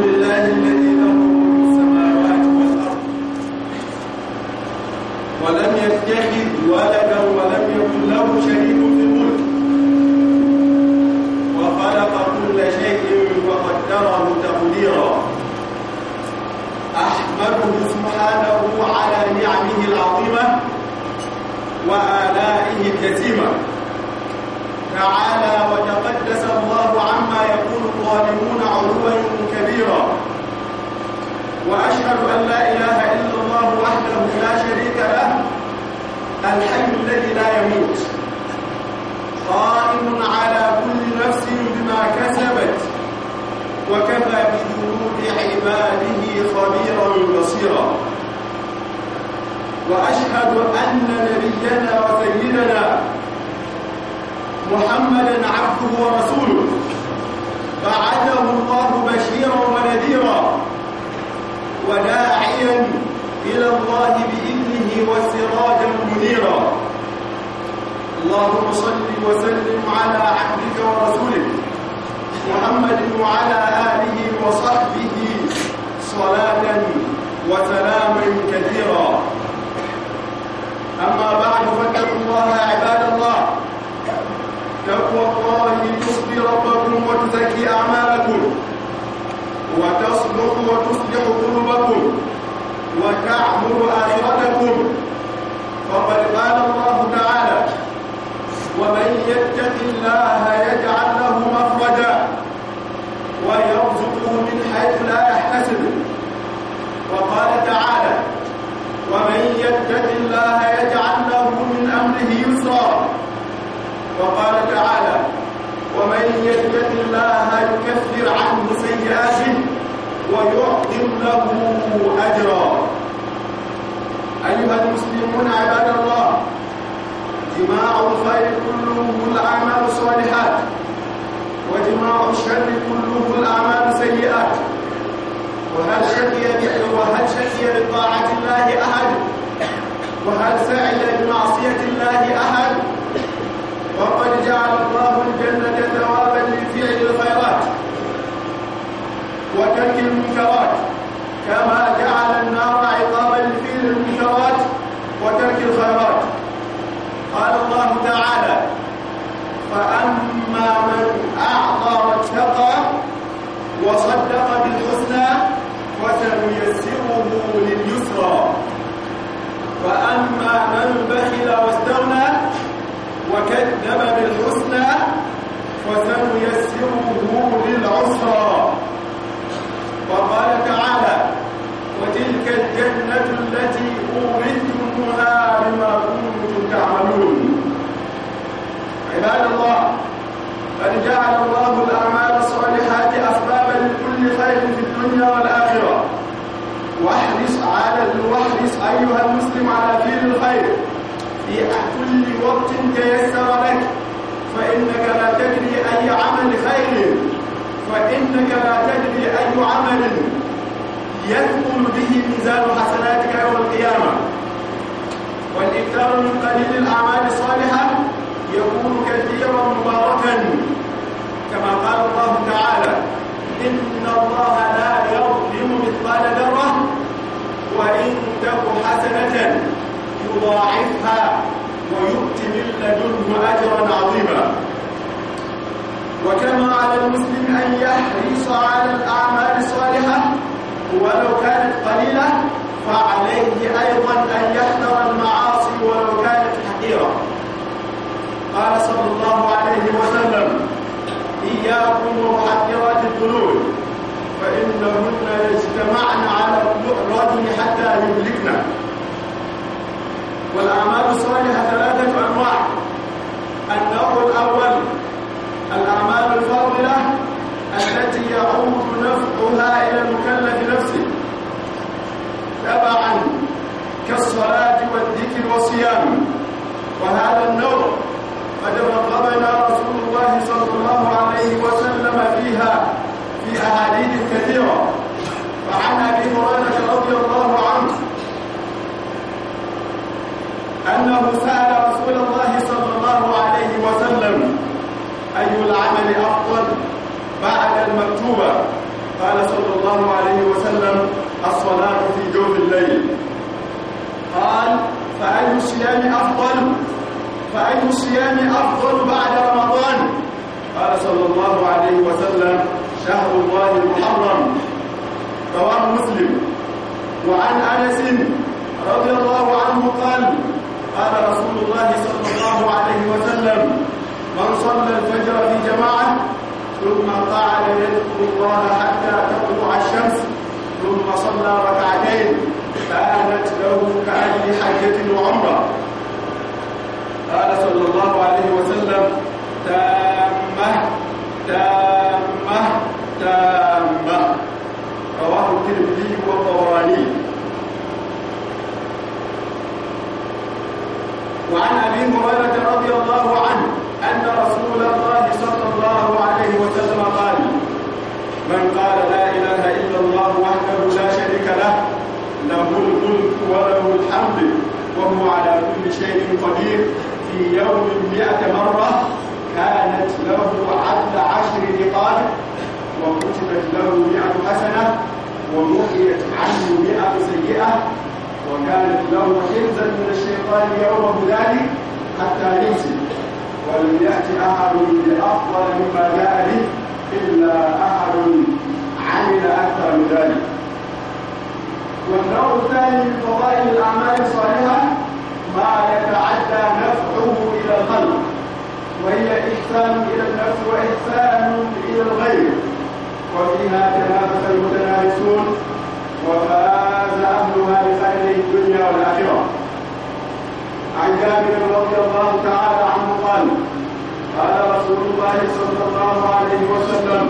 لله الذي وأشهد أن نبينا وسيدنا محمدا عبده ورسوله بعثه الله بشيرا ونذيرا وداعيا إلى الله بإذنه وسراجا منيرا اللهم صل وسلم على عبدك ورسولك محمد وعلى آله وصحبه صلاة وسلاما كثيرا أما بعد فاتقوا الله عباد الله تقوى الله تصلي ربكم وتزكي أعمالكم وتصلح وتصلح قلوبكم وتعمر آخرتكم فقد قال الله تعالى ومن يتق الله يجعل له مخرجا ويرزقه من حيث لا يحتسب وقال تعالى ومن يتق الله يجعل له من امره يسرا وقال تعالى ومن يتق الله يكفر عنه سيئاته ويعظم له اجرا ايها المسلمون عباد الله جماع الخير كله الاعمال الصالحات وجماع الشر كله الاعمال السيئات وهل شكي وهل شكي بطاعة الله أحد وهل سعي بمعصية الله أحد وقد جعل الله الجنة ثوابا لفعل الخيرات وترك المنكرات كما جعل النار عقابا لفعل المنكرات وترك الخيرات قال الله تعالى فأما من أعطى واتقى وصدق بالحسنى فسنيسره لليسرى وأما من بخل واستغنى وكذب بالحسنى فسنيسره للعسرى فقال تعالى أيها المسلم على دين الخير في كل وقت تيسر لك فإنك لا تدري أي عمل خير فإنك لا تدري أي عمل يثقل به ميزان حسناتك يوم القيامة والإكثار من قليل الأعمال الصالحة يكون كثيرا مباركا كما قال الله تعالى إن الله لا يظلم مثقال ذرة وإن تك حسنة يضاعفها ويؤت من لدنه أجرا عظيما وكما على المسلم أن يحرص على الأعمال الصالحة ولو كانت قليلة فعليه أيضا أن يحذر المعاصي ولو كانت حقيرة قال صلى الله عليه وسلم إياكم ومحذرات القلوب فإنهن يجتمعن على الرجل حتى يهلكن والأعمال الصالحة ثلاثة أنواع النوع الأول الأعمال الفاضلة التي يعود نفعها إلى المكلف نفسه تبعا كالصلاة والذكر والصيام وهذا النوع قد رغبنا رسول الله صلى الله عليه وسلم فيها أحاديث كثيرة وعن أبي هريرة رضي الله عنه أنه سأل رسول الله صلى الله عليه وسلم أي العمل أفضل بعد المكتوبة قال صلى الله عليه وسلم الصلاة في جوف الليل قال فأي الصيام أفضل فأي الصيام أفضل بعد رمضان قال صلى الله عليه وسلم شهر الله المحرم رواه مسلم وعن انس رضي الله عنه قال قال رسول الله صلى الله عليه وسلم من صلى الفجر في جماعه ثم قعد يذكر الله حتى تطلع الشمس ثم صلى ركعتين كانت له كأجل حجة وعمرة قال صلى الله عليه وسلم تامه تامه تامة رواه الترمذي والطبراني وعن أبي هريرة رضي الله عنه أن رسول الله صلى الله عليه وسلم قال من قال لا إله إلا الله وحده لا شريك له له الملك وله الحمد وهو على كل شيء قدير في يوم مئة مرة كانت له عدل عشر رقاب وكتبت له مئة حسنة ومحيت عنه مئة سيئة وكانت له حرزا من الشيطان يومه ذلك حتى يمسك ولم يأت أحد بأفضل مما جاء به إلا أحد عمل أكثر من ذلك والنوع الثاني من فضائل الأعمال الصالحة ما يتعدى نفعه إلى الخلق وهي إحسان إلى النفس وإحسان إلى الغير وفيها تنافس المتنافسون وفاز أهلها بخير الدنيا والآخرة عن جابر رضي الله تعالى عنه قال قال رسول الله صلى الله عليه وسلم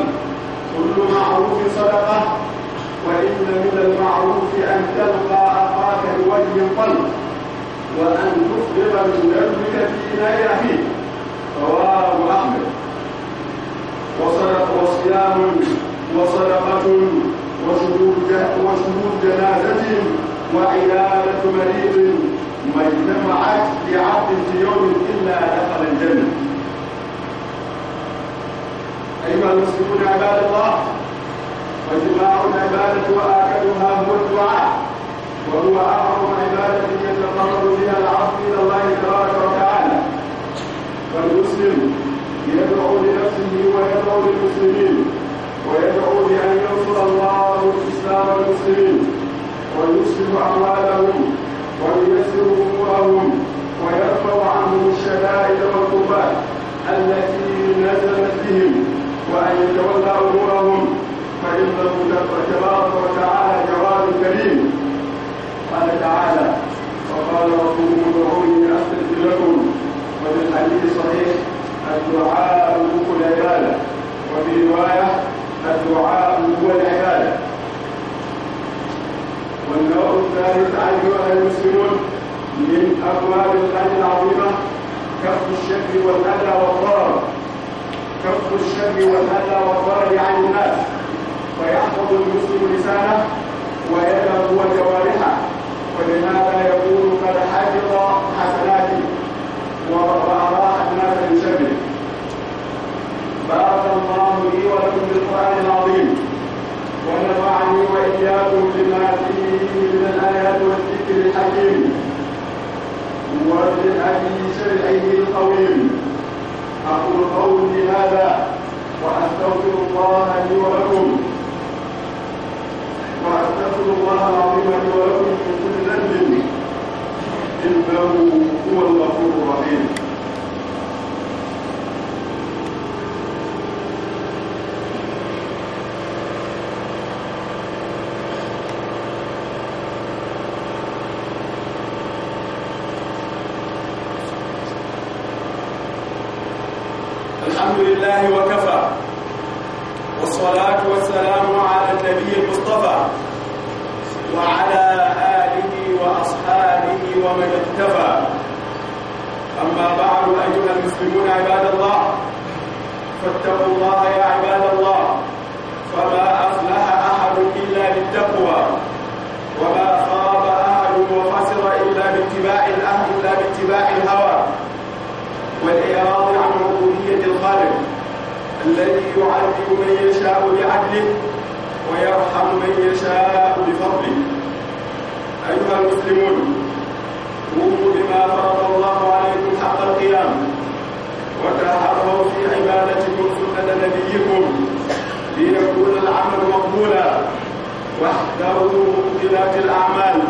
كل معروف صدقة وإن من المعروف أن تلقى أخاك بوجه قلب وأن تفرغ من ذنبك في نار رواه أحمد وصدق وصيام وصدقة وشهود وشهود جنازة وعيادة مريض ما اجتمعت لعبد في يوم إلا دخل الجنة أيها المسلمون عباد الله وجماع العبادة وآكلها هو الدعاء وهو أعظم ويصلح أعمالهم وييسر أمورهم ويرفع عنهم الشدائد والقربات التي نزلت بهم وأن يتولى أمورهم فإنه تبارك وتعالى جواد كريم قال تعالى وقال ربكم ادعوني أستجب لكم وفي الحديث صحيح الدعاء هو العبادة وفي رواية الدعاء هو العبادة والنوع الثالث أيها المسلمون من أبواب الحج العظيمة كف الشر والأذى والضرر كف الشر والأذى والضرر عن الناس فيحفظ المسلم لسانه ويده وجوارحه ولهذا يقول قد حفظ حسناته وأراح الناس شره بارك الله لي ولكم بالقرآن العظيم ونفعني وإياكم بما فيه من الآيات والذكر الحكيم وبالهدي شرعه القويم أقول قولي هذا وأستغفر الله لي ولكم وأستغفر الله العظيم لي ولكم من كل ذنب إنه هو الغفور الرحيم المسلمون عباد الله فاتقوا الله يا عباد الله فما أفلح أحد إلا بالتقوى وما خاب أحد وخسر إلا باتباع الأهل إلا باتباع الهوى والإعراض عن عبودية الخالق الذي يعذب من يشاء بعدله ويرحم من يشاء بفضله أيها المسلمون قوموا بما فرض الله عليكم حق القيام وتأهروا في عبادتكم سنة نبيكم ليكون العمل مقبولا واحذروا مبدلات الأعمال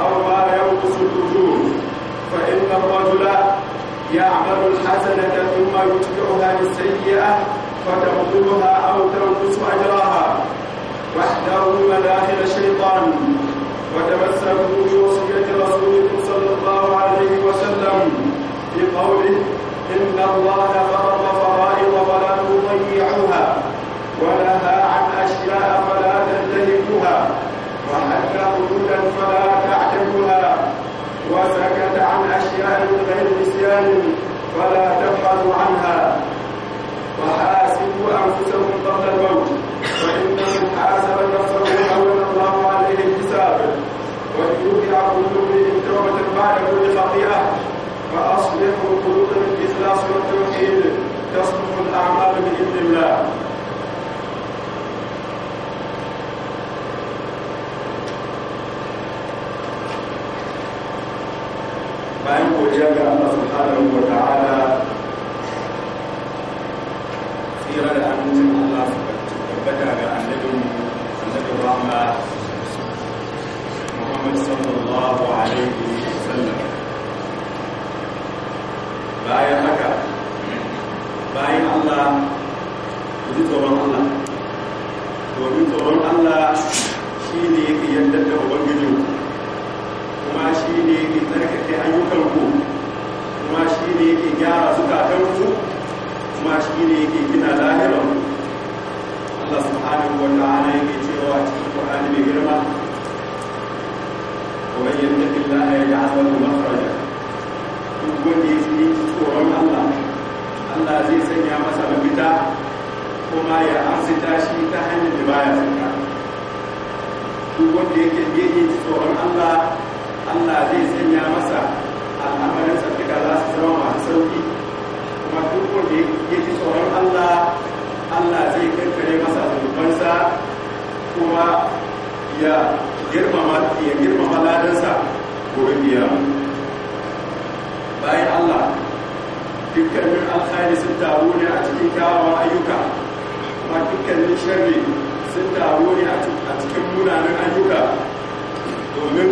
أو ما ينقص الوجوه فإن الرجل يعمل الحسنة ثم يتبعها بالسيئة فتبطلها أو تنقص أجرها واحذروا مداخل الشيطان وتمسكوا بوصية رسولكم صلى الله عليه وسلم في قوله إن الله فرض فرائض ولا تضيعوها ونهى عن أشياء فلا تنتهكوها وحد حدودا فلا تعتدوها وسكت عن أشياء غير نسيان فلا تبحثوا عنها وحاسبوا أنفسكم قبل الموت فإنكم حاسب نفسه أول الله عليه الحساب وإن يوقع كل امرئ توبة بعد كل خطيئة فأصلحوا إذا صرتم فيه الأعمال بإذن الله فإن أجاب الله سبحانه وتعالى خير الأمن الله فبدأ بالنبي النبي الرحمة محمد صلى الله عليه وسلم Allah shi ne yake yadda da ubangiji kuma shi ne yake tsarkake ayyukan ku kuma shi ne yake gyara zukatan ku kuma shi ne yake gina lahiran ku Allah subhanahu wa ta'ala yake cewa cikin Qur'ani mai girma ومن يتق الله يجعل له مخرجا duk wanda ya ji tsoron Allah Allah zai sanya masa mafita kuma ya amsita shi ta hanyar da baya tsaka wanda yake gini ji tsohon Allah Allah zai sanya masa al'amarin tsarkaka za su zama masu sauki kuma duk wanda yake ji tsohon Allah Allah zai kankare masa zunubansa kuma ya girmama ya girmama ladansa gobe biya bayan Allah dukkanin alkhairi sun taru ne a cikin kyawawan ayyuka kuma dukkanin sharri sun taro ne a cikin munanan ayyuka domin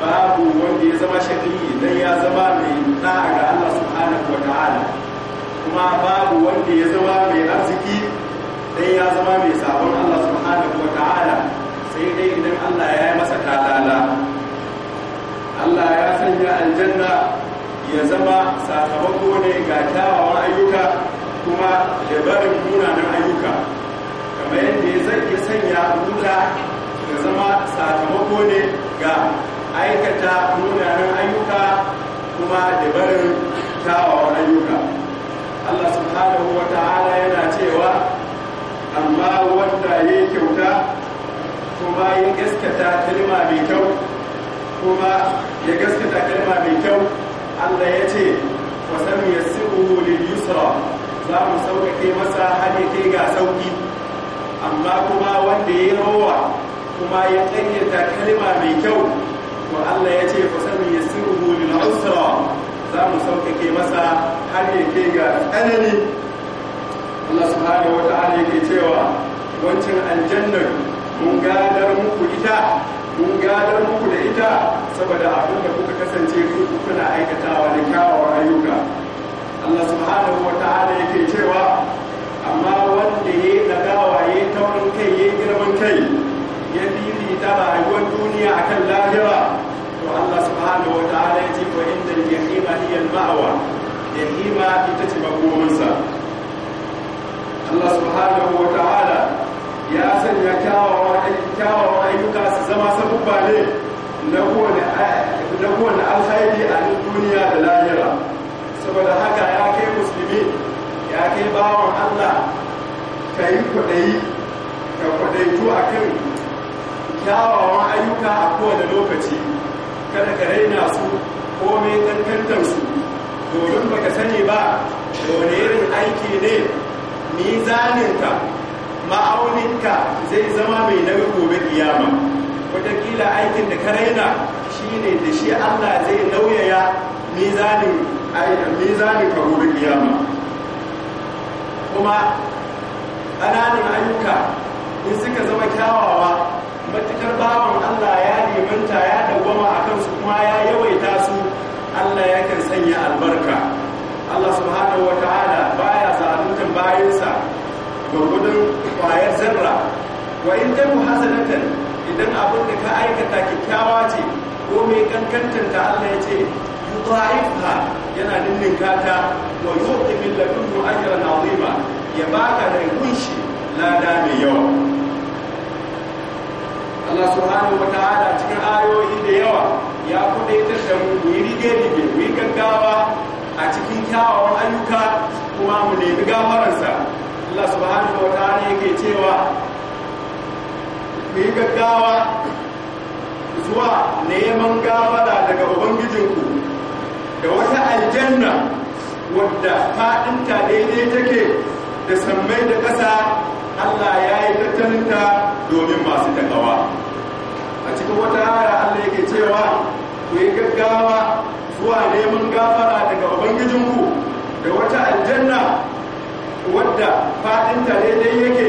babu wanda ya zama shaƙi dan ya zama mai da'a ga Allah subhanahu wa ta'ala kuma babu wanda ya zama mai arziki dan ya zama mai sabon Allah subhanahu wa ta'ala sai dai idan Allah ya yi masa talala Allah ya sanya aljanna ya zama sakamako ne ga kyawawan ayyuka kuma ya barin munanan ayyuka kamar yadda ya zai sanya wuta da zama sakamako ne ga aikata munanan ayyuka kuma da barin kyawawan ayyuka Allah subhanahu wa ta'ala yana cewa amma wanda ya yi kyauta kuma ya gaskata kalma mai kyau kuma ya gaskata kalma mai kyau Allah ya ce wasan yasiru lil yusra za mu sauƙaƙe masa hade kai ga sauƙi amma kuma wanda ya rawa, kuma ya tsanyata kalima mai kyau to Allah ya ce fa sami yasiruhu lil usra za mu sauƙaƙe masa har ya ke ga tsanani Allah subhanahu wata'ala yake cewa wancan aljannar mun gadar muku ita mun gadar muku da ita saboda abin da kuka kasance kuna aikatawa da kyawawan ayyuka Allah subhanahu wa ta'ala yake cewa amma wanda ya yi dagawa ya taurin kai ya yi girman kai ya ta rayuwar duniya a kan lahira to Allah subhanahu wata ta'ala ya ce wa inda yahima hiya al ya yahima ita ce makomansa Allah subhanahu wa ta'ala ya sanya kyawawan ayyuka su zama sabubba ne na kowane alkhairi a duniya da lahira saboda haka ya kai musulmi ya kai bawan Allah ka yi kwaɗayi ka a kan kyawawan ayyuka a kowane lokaci kada ka raina su ko mai tantantar su domin baka sani ba da wani irin aiki ne mizaninka ma'auninka zai zama mai nauyi gobe kiyama watakila aikin da ka raina shi ne da shi allah zai nauyaya mizanin ka gobe kiyama kuma ƙananan ayyuka in suka zama kyawawa matukar bawan Allah ya limanta ya dawwama a kansu kuma ya yawaita su Allah ya kan sanya albarka Allah subhanahu wa ta'ala baya zaluntar bayansa gurgudun ƙwayar zarra wa in mu hasanatan idan abin da ka aikata kyakkyawa ce ko mai kankantanta Allah ya ce yudha'ifha yana ninninka ta wa yu'ti min ajran 'azima ya baka da kunshi lada mai yawa Allah subhanahu wa ta'ala cikin ayoyi da yawa ya kudaitar da mu mu yi rige-rige mu yi gaggawa a cikin kyawawan ayyuka kuma mu nemi gafararsa Allah subhanahu wa ta'ala yake cewa ku yi gaggawa zuwa neman gafara daga ubangijinku da wata aljanna wadda faɗinta daidai take da sammai da ƙasa Allah ya yi tattalinta domin masu takawa a cikin wata hara Allah yake cewa ku yi gaggawa zuwa neman gafara daga ubangijinku da wata aljanna wadda faɗinta daidai yake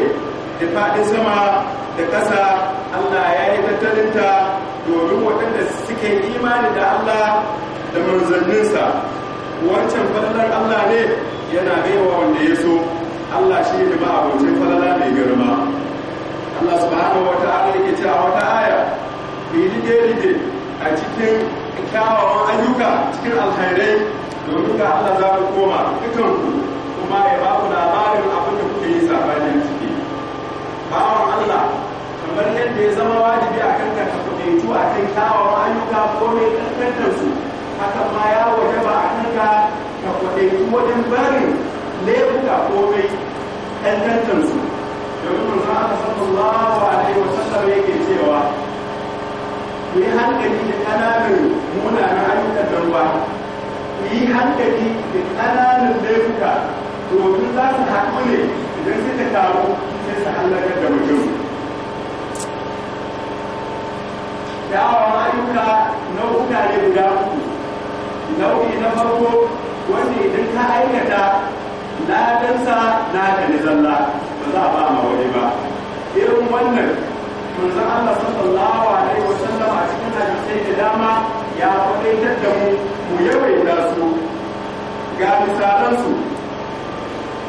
da faɗin sama da ƙasa Allah ya yi tattalinta domin waɗanda suke imani da Allah da manzanninsa wancan falalar Allah ne yana baiwa wanda ya so Allah shi ne ma abincin falala mai girma Allah subhanahu wa ta'ala yake ce a wata aya ku yi rige-rige a cikin kyawawan ayyuka cikin alhairai domin ga Allah za ku koma dukanku kuma ya ba ku labarin abin da kuke yi sabani ciki bawan Allah kamar yadda ya zama wajibi a kan ka ka a kan kyawawan ayyuka ko mai kankantar su hakan ma ya waje ba a kanka ka kwadaitu wajen barin laifuka komai ɗan tantansu domin manzo Allah sallallahu alaihi wa sallam yake cewa ku yi hankali da ƙananan munanan ayyuka da ruwa ku yi hankali da ƙananan laifuka domin za su haɗu ne idan suka taru sai su hallakar da mutum da'awa ayyuka nau'uka ne guda uku nauyi na farko wanda idan ka aikata ladansa na ka ne zalla ba za a ba ma wani ba irin wannan manzon Allah sallallahu alaihi wa sallam a cikin hadisai da dama ya faɗaitar da mu mu yawaita su ga misalansu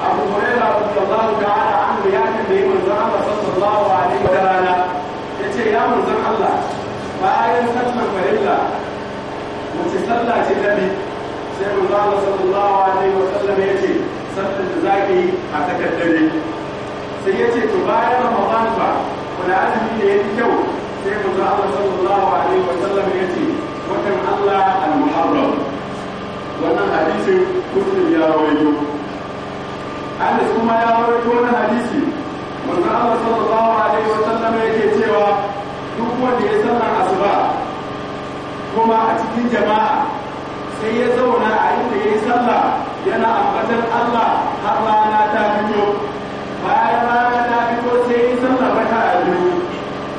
abu hurairah radiyallahu ta'ala anhu ya tambayi manzon Allah sallallahu alaihi wa sallam yace ya manzon Allah bayan sallan farilla wace sallah ce ta bi sai mu za Allah sallallahu alaihi wa sallam ya ce sallar da za ka yi a tsakar dare sai ya ce to bayan ramadan ba wani azumi da ya fi kyau sai mu za Allah sallallahu alaihi wa sallam ya ce watan Allah al-muharram wannan hadisin muslim ya rawaito Anas kuma ya rawaito wannan hadisi manzo Allah sallallahu alaihi wa sallam yake cewa duk wanda ya sallar asuba kuma a cikin jama'a sai ya zauna a inda ya yi sallah yana ambatan Allah har rana ta fito bayan rana ta fito sai ya yi sallah raka a biyu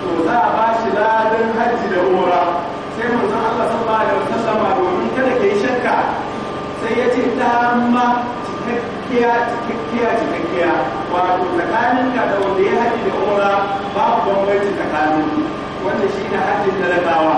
to za a ba shi ladan hajji da umra sai manzon Allah sallallahu alaihi wasallam domin kada ke shakka sai ya ce dama cikakkiya cikakkiya cikakkiya wato tsakanin ka da wanda ya haji da umra babu bambanci tsakanin wanda shi ne hajjin talakawa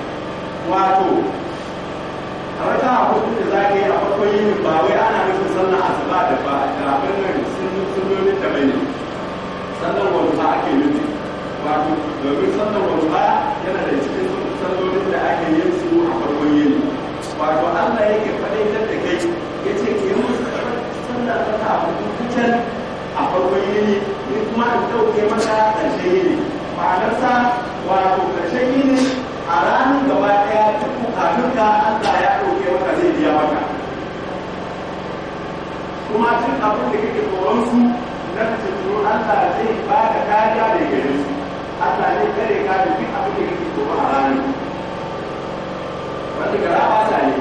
wato a wata hudu da za yi a farkon yini ba wai ana nufin sallar asuba da ba da abin nan sun yi da bane sallar wanzuwa ake nufi wato domin sallar wanzuwa yana da cikin sallolin da ake yin su a farkon yini wato Allah yake faɗaitar da kai ya ce ke mun sallar ta ta hudu kucan a farkon yini ni kuma in ɗauke masa ƙarshen yini sa wato ƙarshen yini a ranar gaba ɗaya bukatun Allah ya ɗauke maka zai biya maka kuma cin abin da kake tsoron su na fitinu Allah zai ba da kariya da gare su Allah zai kare ka da duk abin da kake tsoron a ranar wanda gara ba ta ne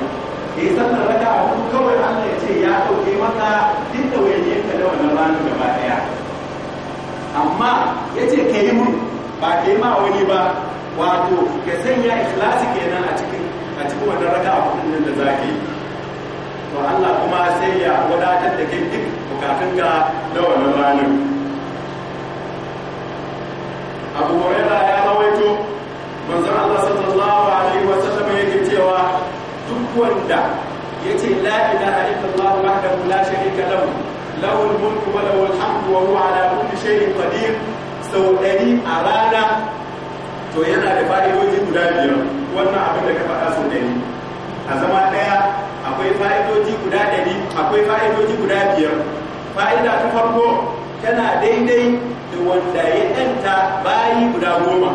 ke sannan raka a hudu kawai Allah ya ce ya ɗauke maka duk da wayanyenka da wannan ranar gaba ɗaya amma ya ce ka yi mun ba ka ma wani ba wato ka sanya ikhlasi kenan a cikin a cikin wannan raka a kudin da zaki to Allah kuma sai ya wadatar da kai duk bukatun ka na wannan ranar Abu Huraira ya rawaito manzon Allah sallallahu alaihi wa sallam yake cewa duk wanda yace la ilaha illallah wahdahu la sharika lahu lahu al-mulku wa lahu al hamd wa huwa ala kulli shay'in qadir sau dari a rana to yana da fa'idoji guda biyar wannan abin da ka faɗa sau ni a zama ɗaya akwai fa'idoji guda ɗari akwai fa'idoji guda biyar fa'ida ta farko tana daidai da wanda ya ɗanta bayi guda goma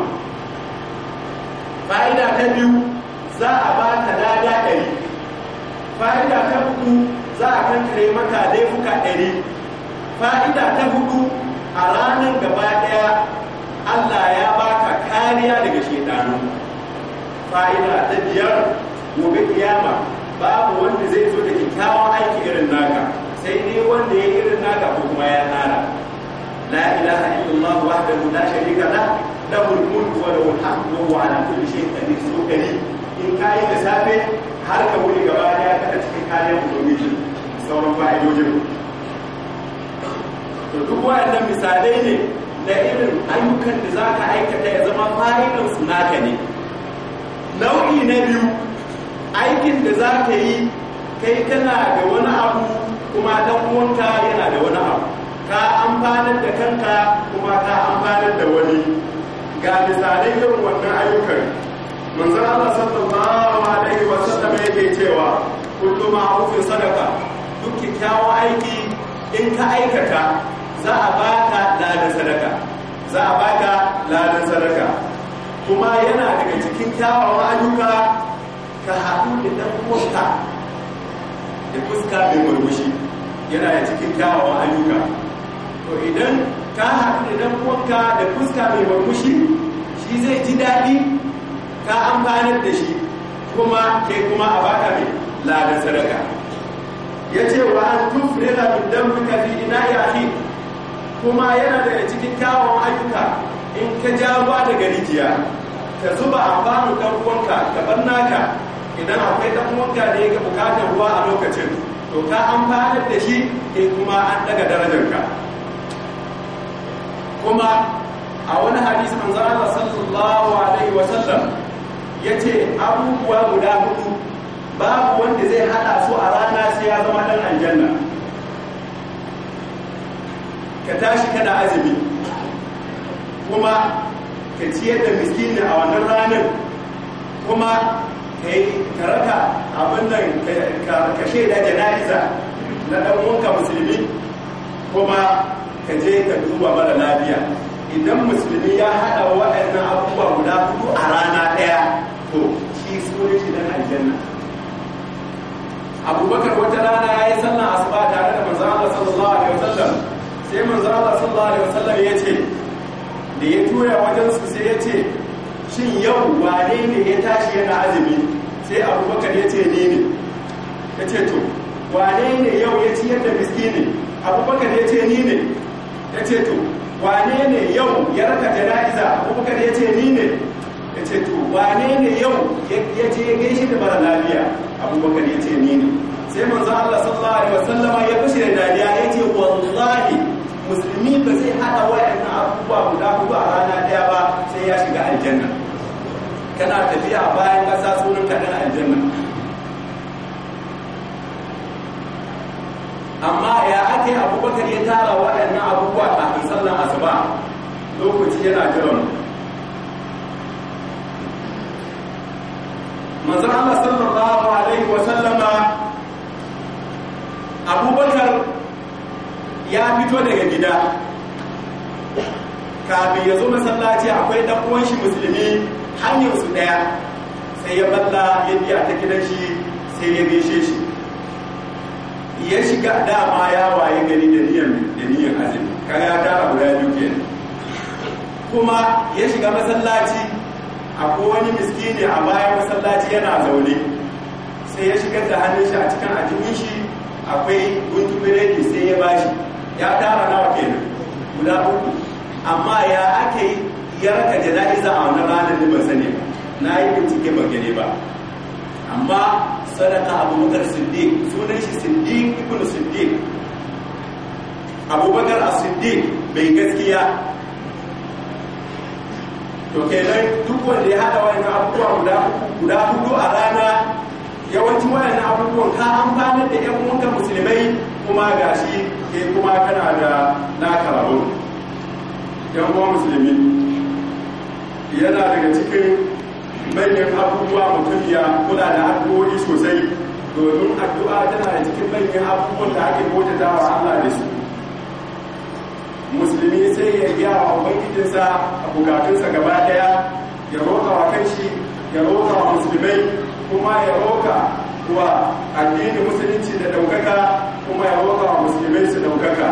fa'ida ta biyu za a ba ka dada ɗari fa'ida ta uku za a kankare maka laifuka ɗari fa'ida ta hudu a ranar gaba ɗaya allah ya baka kariya daga shekaru fa'ida ta biyar gobe kiyama babu wanda zai zo da kyakkyawan aiki irin naka sai dai wanda ya irin naka ko kuma ya nara la ilaha illallah wahdahu la sharika la lahu al-mulku wa lahu al ko wa huwa ala kulli shay'in qadir so in kai da safe har ka wuri gaba ya kada cikin kayan ubangiji sauran fa'idojin to duk wa'annan misalai ne da irin ayyukan da za ka aikata ya zama fa'idan su naka ne nau'i na biyu aikin da za ka yi kai tana da wani abu kuma dan uwanka yana da wani abu ka amfanar da kanka kuma ka amfanar da wani ga misalai irin wannan ayyukan manzon Allah sallallahu alaihi wa sallam yake cewa kullu ufi sadaka duk kyakkyawan aiki in ka aikata za a baka ladan sadaka za a baka ladan sadaka kuma yana daga cikin kyawawa ayyuka ka haɗu da ɗan uwanka da fuska mai murmushi yana da cikin kyawawa ayyuka to idan ka haɗu da ɗan uwanka da fuska mai murmushi shi zai ji daɗi ka amfanar da shi kuma kai kuma a baka mai ladar sadaka ya ce wa an tufrila min dambika fi ina fi? kuma yana daga cikin kyawawan ayyuka in ka ja ruwa daga rijiya ka zuba a bamu ɗan uwanka ka bar naka idan akwai ɗan uwanka da yake buƙatar ruwa a lokacin to ka an amfanar da shi ke kuma an daga darajarka kuma a wani hadisi manzo Allah sallallahu alaihi wa sallam yace abubuwa guda hudu babu wanda zai hada su a rana sai ya zama dan aljanna ka tashi kana azumi kuma ka ciyar da miskini a wannan ranar kuma ka yi karaka abin nan ka shaida jana'iza na ɗan'unka musulmi kuma ka je ka duba mara lafiya idan musulmi ya haɗa waɗannan abubuwa guda hudu a rana ɗaya to shi suna shi don aljanna abubakar wata rana ya yi sallan asuba tare da manzo Allah sallallahu alaihi wasallam sai manzo Allah sallallahu alaihi wasallam ya ce da ya tura wajen su sai ya ce shin yau wane ne ya tashi yana azumi sai abubakar ya ce ne ne ya ce to wane ne yau ya ciyar da miskini abubakar ya ce ni ne ya ce to wane ne yau ya raka jana'iza abubakar ya ce ni ne ya ce to wane ne yau ya ce ya gaishe da mara lafiya abubakar ya ce ni ne sai manzo Allah sallallahu alaihi wasallama ya kushe da dariya ya ce wallahi musulmi ba zai hada na abubuwa guda hudu a rana daya ba sai ya shiga aljanna kana tafiya bayan kasa sunan kaɗan aljanna amma ya ake abubakar ya tara waɗannan abubuwa kafin sallan asuba lokaci yana jiran manzon Allah sallallahu alaihi wa sallama abubakar ya fito daga gida kafin ya zo masallaci akwai ɗan shi musulmi hanyar su daya sai ya balla ya biya ta gidan shi sai ya gaishe shi ya shiga dama ya waye gari da niyan da niyan azumi kaga ya tara guda biyu kenan kuma ya shiga masallaci akwai wani miskini a bayan masallaci yana zaune sai ya shiga da hannun shi a cikin ajinin shi akwai guntumire sai ya bashi ya tara nawa kenan guda uku amma ya ake yarka ya raka jana'iza a wani ranar da ban sani ba na yi bincike ban gane ba amma sadaka abubakar siddiq sunan shi siddiq ibn siddiq abubakar a siddiq mai gaskiya to kenan duk wanda ya hada wani abubuwa guda hudu a rana yawancin wayannan abubuwan ka amfanar da yan uwanka musulmai kuma ga shi kai kuma kana da naka rabo yan uwa musulmi yana daga cikin manyan abubuwa mutum ya kula da addu'o'i sosai domin addu'a tana da cikin manyan abubuwan da ake ta wa Allah da su musulmi sai ya gyara wa ubangijinsa a bukatunsa gaba daya ya roƙa wa kanshi ya roƙa wa musulmai kuma ya roƙa Kuwa addini musulunci da daukaka kuma ya roƙa wa musulmai su daukaka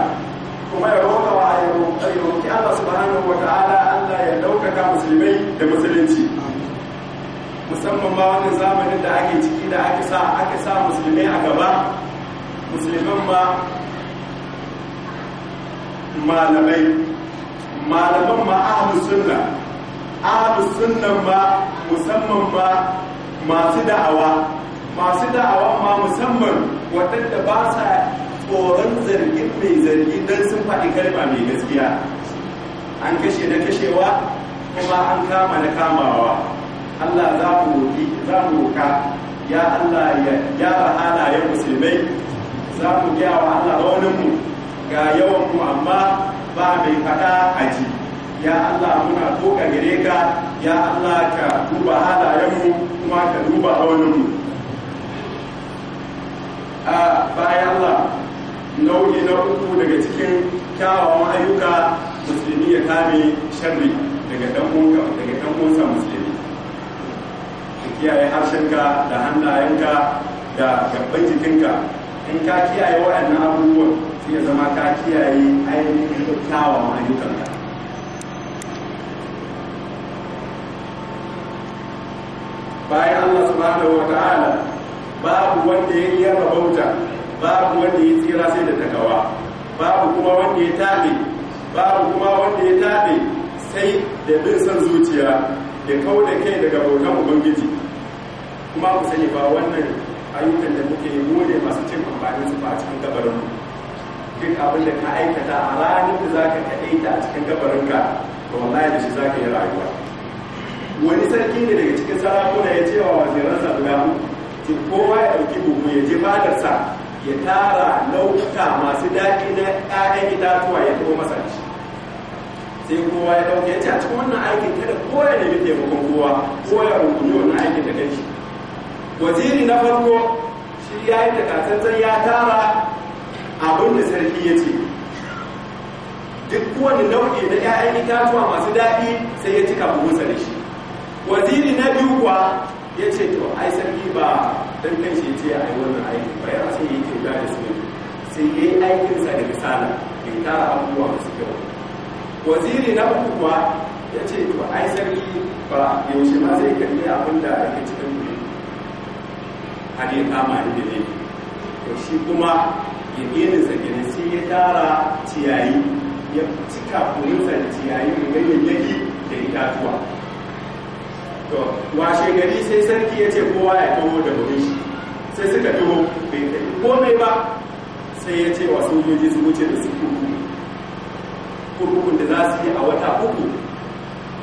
kuma ya roƙa wa ya roƙi Allah subhanahu wa ta'ala Allah ya daukaka musulmai da musulunci musamman ma wannan zamanin da ake ciki da ake sa ake sa musulmai a gaba musulman ma malamai malaman ma ahlus sunna ahlus sunna ma musamman ba masu da'awa masu da'awa ma musamman wadanda ba sa tsoron zargin mai zargi don sun faɗi kalma mai gaskiya an kashe na kashewa kuma an kama na kamawa Allah za mu roƙi za mu roƙa ya Allah ya gyara halayen musulmai za mu gyawa Allah rauninmu ga mu amma ba mai faɗa a ji ya Allah muna koka gare ka ya Allah ka duba halayenmu kuma ka duba rauninmu a bayan Allah nau'i na uku daga cikin kyawawan ayyuka musulmi ya kame sharri daga dan daga musulmi ka kiyaye harshenka da hannayenka da gaban jikinka in ka kiyaye waɗannan abubuwan sai ya zama ka kiyaye ainihin kyawawan ayyukanka bayan Allah subhanahu wa ta'ala babu wanda ya iya bauta babu wanda ya tsira sai da takawa babu kuma wanda ya tabe babu kuma wanda ya tabe sai da bin son zuciya da kau da kai daga bautan ubangiji kuma ku sani ba wannan ayyukan da muke yi gode masu cin amfanin su a cikin gabarin duk abin da ka aikata a ranar da zaka ta a cikin gabarin ka to wallahi da shi zaka yi rayuwa wani sarki ne daga cikin sarakuna ya ce wa waziransa guda ce kowa ya ɗauki buhu ya je fadarsa ya tara nau'uka masu daɗi na ƴaƴan itatuwa ya ɗau masa shi sai kowa ya ɗauke ya ce a cikin wannan aikin kada kowa ya nemi taimakon kowa ko ya rubuta wannan aikin da kanshi waziri na farko shi ya yi takatsantsan ya tara abin da sarki ya ce duk kowane nau'i na 'ya'yan itatuwa masu daɗi sai ya cika buhunsa da shi waziri na biyu kuwa ya ce to ai sarki ba dan kan shi ce ai wannan aiki ba ya sai yake kyauta da su sai ya yi aikinsa da misala ya tara abubuwa masu kyau waziri na uku ya ce to ai sarki ba yaushe ma zai kalli abin da ake cikin kuɗi har ya kama ni da ne to shi kuma ya gina zagina sai ya tara ciyayi ya cika kurinsa da ciyayi da ganyayyaki da itatuwa to washe gari sai sarki ya ce kowa ya taho da wurin shi sai suka taho bai kai komai ba sai ya ce wa sojoji su wuce da su kurkuku kurkukun da za su yi a wata uku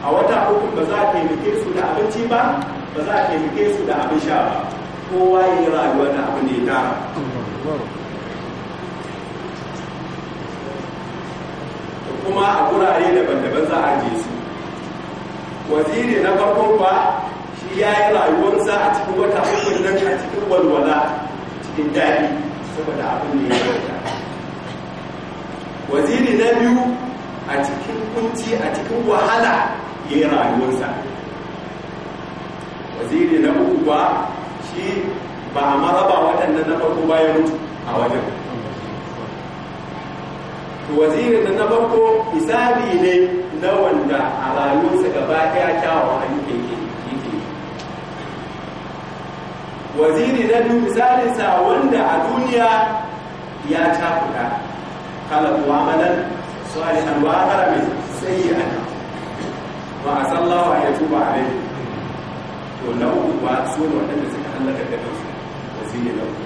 a wata uku ba za a taimake su da abinci ba ba za a taimake su da abin sha ba kowa ya yi rayuwa da abin da ya tara kuma a gurare daban-daban za a je su waziri na farko ba shi ya yi rayuwarsa a cikin wata hukun nan a cikin walwala cikin daɗi saboda abin da ya yi waziri na biyu a cikin kunci a cikin wahala ya yi rayuwarsa waziri na uku ba shi ba a maraba waɗanda na farko ya mutu a wajen wazirin da na farko misali ne na wanda a rayuwarsa gaba ɗaya kyawawan ayyuka yake waziri na biyu misalinsa wanda a duniya ya tafuka kala kuwa mu'amalan salihan wa akara mai a wa ya tuba a rai to na uku ba su ne wadanda suka hallaka da kansu waziri na uku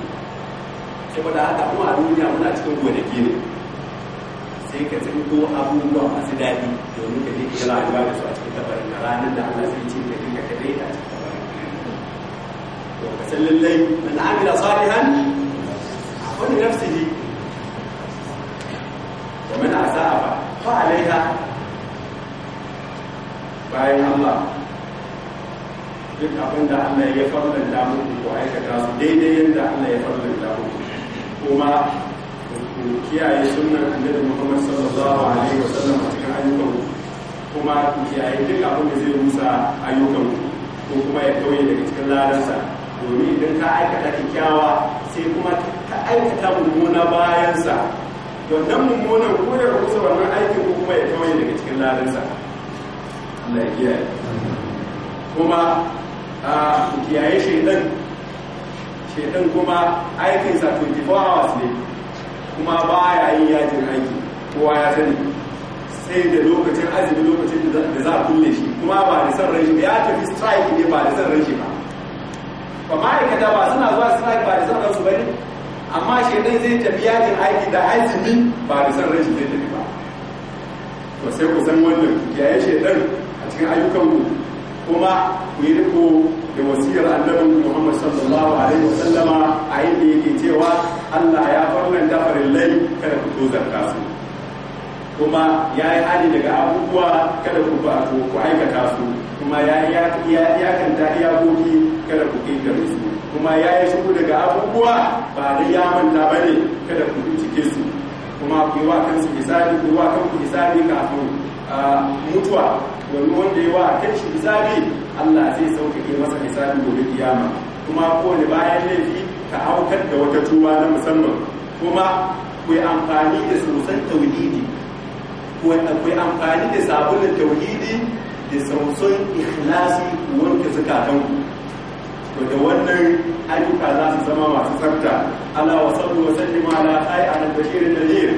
saboda haka kuma a duniya muna cikin gonaki ne sai ka tsinko abubuwa masu daɗi domin ka je kira rayuwa da su a cikin tabarin da ranar da Allah zai ce ka dinga ka daita a cikin tabarin to ka san lallai man amila salihan wani nafsihi wa man asa'a fa fa alaiha bayan Allah duk abin da Allah ya farlanta muku ko aikata su daidai yadda Allah ya farlanta muku kuma mu kiyaye sunnar annabi Muhammad sallallahu alaihi wa wasallam a cikin ayyukan kuma ku kiyaye duk abin da zai rusa ayyukan ko kuma ya kauye daga cikin ladansa domin idan ka aikata kyakkyawa sai kuma ka aikata mummuna bayansa wannan mummunan ko ya rusa wannan aikin ko kuma ya kauye daga cikin ladansa Allah ya kiyaye kuma a kiyaye shaidan shaidan kuma aikinsa 24 hours ne kuma baya yin yajin aiki kowa ya sani sai da lokacin azumi lokacin da za a kulle shi kuma ba da san rashi ya tafi strike ne ba da san rashi ba ba ma'aikata ba suna zuwa strike ba da san kansu ba ne amma dai zai tafi yajin aiki da azumi ba da san rashi zai tafi ba to sai ku san wannan yayin shaidan a cikin ayyukan ku kuma mu yi riko da wasiyar annabin Muhammad sallallahu alaihi sallama a inda yake cewa Allah ya farlanta lai kada ku tozarta su kuma ya yi hali daga abubuwa kada ku ba ku aikata su kuma ya iyakanta iyakoki kada ku ƙetare su kuma ya yi shigo daga abubuwa ba da ya manta ba ne kada ku cike su kuma ku yi wa kansu isani ku yi wa kanku isani kafin A mutuwa domin wanda ya wa kai shi hisabi Allah zai sauƙaƙe masa hisabi gobe kiyama kuma kowane bayan laifi ka aukar da wata tuba na musamman kuma ku yi amfani da sosan tauhidi ku yi amfani da sabulin tauhidi da sosan ikhlasi wanke zukatanku to wannan أيك الله سما ما تفرت ألا وصلوا وسلموا على أي على البشير النذير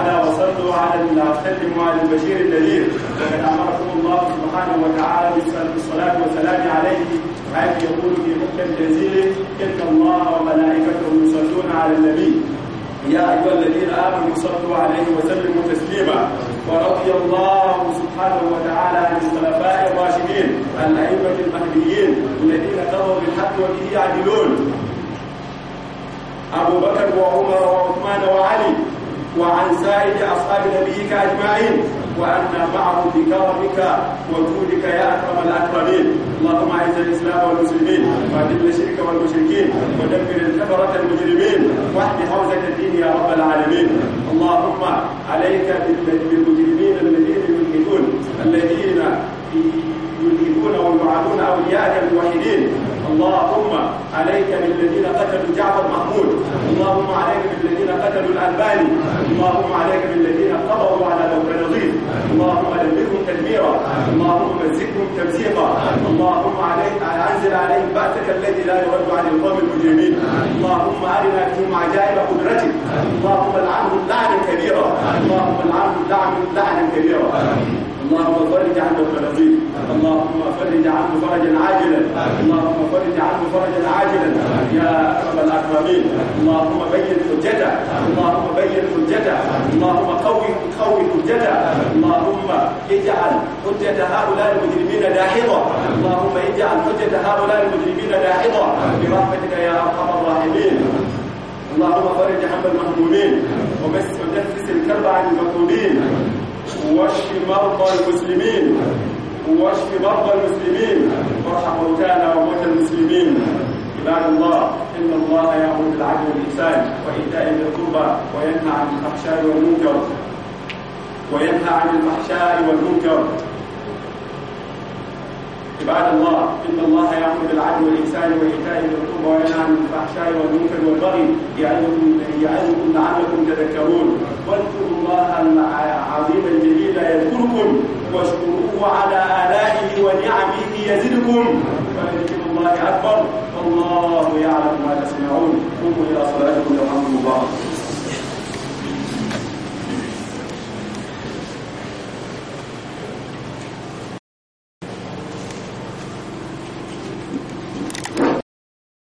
ألا وصلوا على وسلموا على البشير النذير فقد أمركم الله سبحانه وتعالى بالصلاة والسلام عليه حيث يقول في حكم الجزيرة إن الله وملائكته يصلون على النبي يا أيها الذين آمنوا صلوا عليه وسلموا تسليما ورضي الله سبحانه وتعالى عن الخلفاء الراشدين الأئمة المهديين الذين قضوا بالحق وبه يعدلون أبو بكر وعمر وعثمان وعلي وعن سائر أصحاب نبيك أجمعين وعنا معه بكرمك وجودك يا اكرم الاكرمين اللهم اعز الاسلام والمسلمين واذل الشرك والمشركين ودمر الكفره المجرمين واحد حوزه الدين يا رب العالمين اللهم عليك بالمجرمين الذين يلحدون الذين يلهكون ويعادون اولياءك الموحدين اللهم عليك بالذين قتلوا جعفر محمود اللهم عليك بالذين قتلوا الالباني اللهم عليك بالذين قضوا على دور نظيف اللهم لبهم تدبيرا اللهم مزقهم تمزيقا اللهم عليك انزل عليهم بعثك الذي لا يرد عن القوم المجرمين اللهم ارنا فيهم عجائب قدرتك اللهم العنهم لعنا كبيرا اللهم العنهم لعنا كبيرا اللهم فرج عنه القناطير اللهم فرج عنه فرجا عاجلا اللهم فرج عنه فرجا عاجلا يا رب الاكرمين اللهم بين حجته اللهم بين حجته اللهم قوي قوي حجته اللهم اجعل حجه هؤلاء المجرمين داحضه اللهم اجعل حجه هؤلاء المجرمين داحضه برحمتك يا ارحم الراحمين اللهم فرج هم المهمومين ومس ونفس الكرب عن المكروبين واشف مرضى المسلمين واشف مرضى المسلمين وارحم موتانا وموتى المسلمين عباد الله ان الله يامر بالعدل والاحسان وايتاء ذي القربى وينهى عن الفحشاء والمنكر وينهى عن الفحشاء والمنكر عباد الله إن الله يأمر بالعدل والإحسان وإيتاء ذي القربى وينهى عن الفحشاء والمنكر والبغي يعظكم يعظكم لعلكم تذكرون واذكروا الله العظيم الجليل يذكركم واشكروه على آلائه ونعمه يزدكم ولذكر الله أكبر والله يعلم ما تسمعون قوموا إلى صلاتكم يرحمكم الله